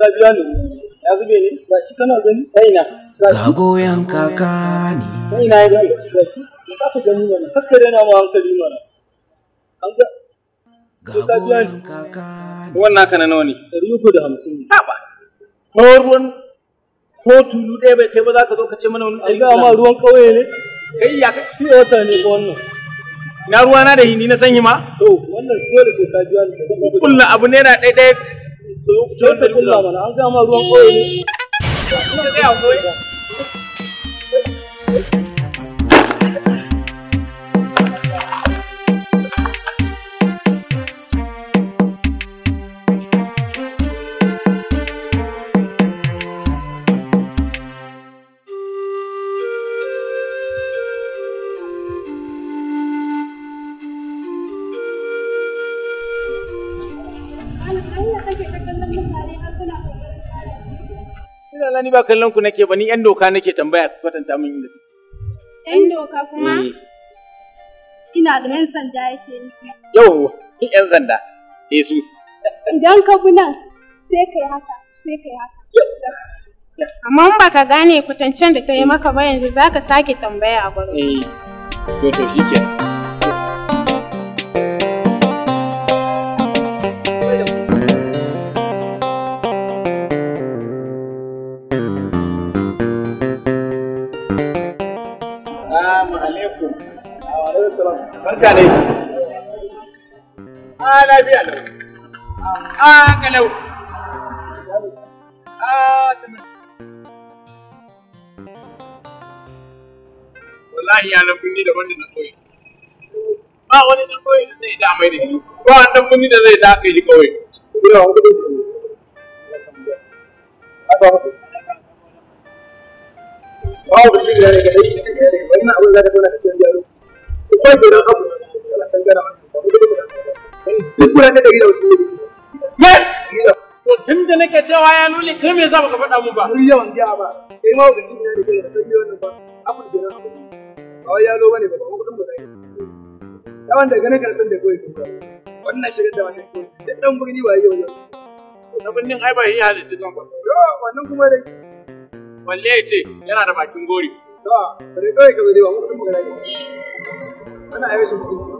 ka biya ba ga goyon kaka ne ga goyon kaka wannan haka na nawa ne ba ruwan ko tulu ɗaya bai kai ba za ka zo ka ce mana wani ruwan ƙauye ne kai ya ka wata ne ko wannan na da na sanyi ma? To, wannan sai ka biya abu naira ɗaya ɗaya to yau kuce ta kulla mana an ga ruwan koyi ne sa ni ba kallon ku nake ba ni yan doka nake tambaya ku kwatanta min inda suke. Yan doka kuma? Eh. Ina da yan sanda yake nufi. Yau, yan sanda. Eh su. Idan ka bi nan sai kai haka, sai kai haka. Amma in baka gane kwatancen da ta yi maka ba yanzu zaka sake tambaya a gurin. Eh. To to shikenan. mutane a ah, lafiya a kalau a wallahi ya nan kunni daban da na koyi ba wani dan koyi da zai da da ni ba wani dan kunni da zai da kai kawai Bawo da shi ne ga dai, wannan abin da ka tona ka ce yaro. Ko da sangara ta da da nake cewa ya nuni kai me faɗa mu ba ni yawan ba kai ma ya da kai san ba abu da abu ba wai bane ba ba kudin mu dai yawan gane san da kai wannan shigar da wannan da dan burni waye ai ba yi halitta don ba yo wannan kuma dai walle ya ce yana da bakin gori to bare kai ka bare ba kudin mu dai ana ayyukan mutunci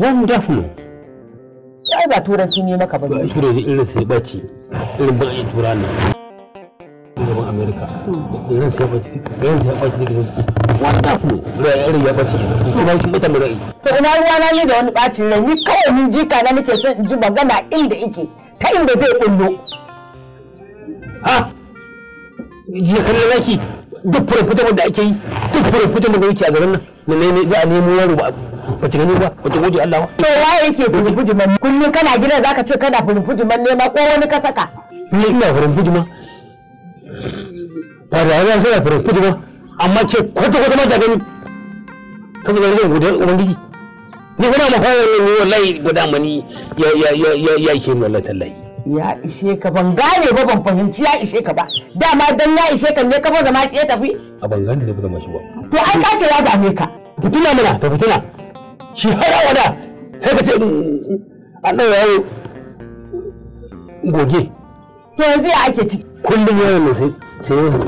wonderful ai ba turanci ne maka ba ne turanci irin sai bace irin ba yi turan nan gaban america irin sai bace irin sai bace ne wonderful irin ya bace ba ki mutan da rai? to ina ruwa na yi da wani bacin rai ni kawai ji jika na nake son in ji magana inda ike ta inda zai kullo. ha jiya kallon laki duk fura da ake yi duk fura da ake a garin nan ne za a nemo yaro ba ba ki gani ba ba ki gode Allah ba to waye yake furfuji man kullun kana gidan zaka ce kana furfuji man nema ko wani ka saka ni ina furfuji man ba da ran sai furfuji man amma ke kwata kwata ma ta gani saboda zan gode ubangiji ni kuma ma fara ne ni wallahi guda mani ya ya ya ya ke ni tallahi ya ishe ka ban gane ba ban fahimci ya ishe ka ba dama dan ya ishe ka ne ka ba zama shi ya tafi a ban gane ne ba zama shi ba to ai ka ce ya dame ka fitina mana ta fitina shi hana wada sai ka ce mm, mm, mm, an ɗaura yayi goge to yanzu ya ake ciki kullum yana nan sai sai ta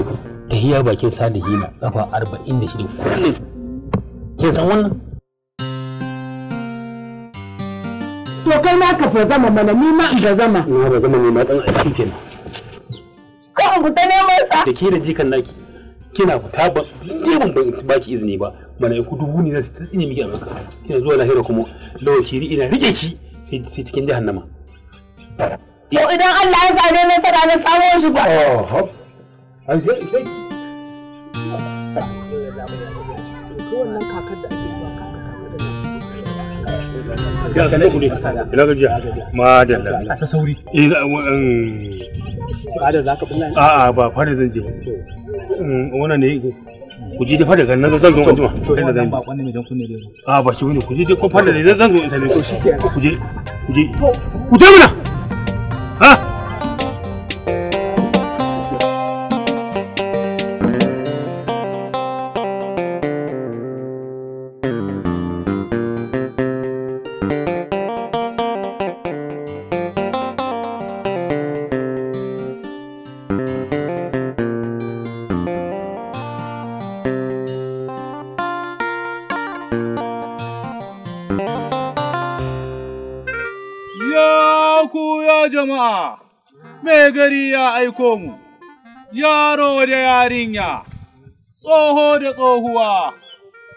tahiyar bakin salihi na kafa arba'in da shida kullum kin san wannan to kai na ka zama mana ni ma in zama na ba zama ni ma dan aiki kenan kan fita neman sa da ke da jikan naki kina fita ba ban baki izini ba ku dubu ne za su tsine miki albarka kina zuwa lahira kuma lawakiri ina rike ki sai cikin jahannama yau idan Allah ya same na sada na samo shi ba oh, ya eh, um. a'a ba fara zan je mm, wannan ne ku ji zan zo jima da zan ba mai da a ba shi ko fara da zan zo to shi mana ha thank you jama'a, mai gari ya aiko mu, yaro da yarinya, tsoho da tsohuwa,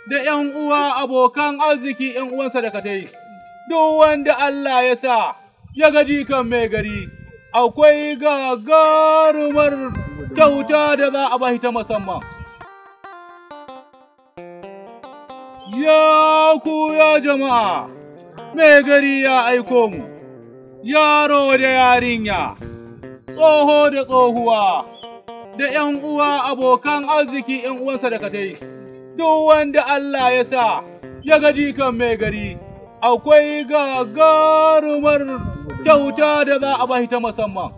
da ’yan uwa abokan arziki ’yan uwansa da duk wanda Allah ya sa ya gaji kan mai gari, akwai gagarumar kyauta da za a bashi ta musamman. Ya ku ya jama'a, mai gari ya aiko mu. yaro da yarinya, tsoho da tsohuwa, da ’yan uwa abokan arziki ’yan uwansa da katai, duk wanda Allah ya sa ya gaji kan mai gari, akwai gagarumar kyauta da za a bashi ta musamman.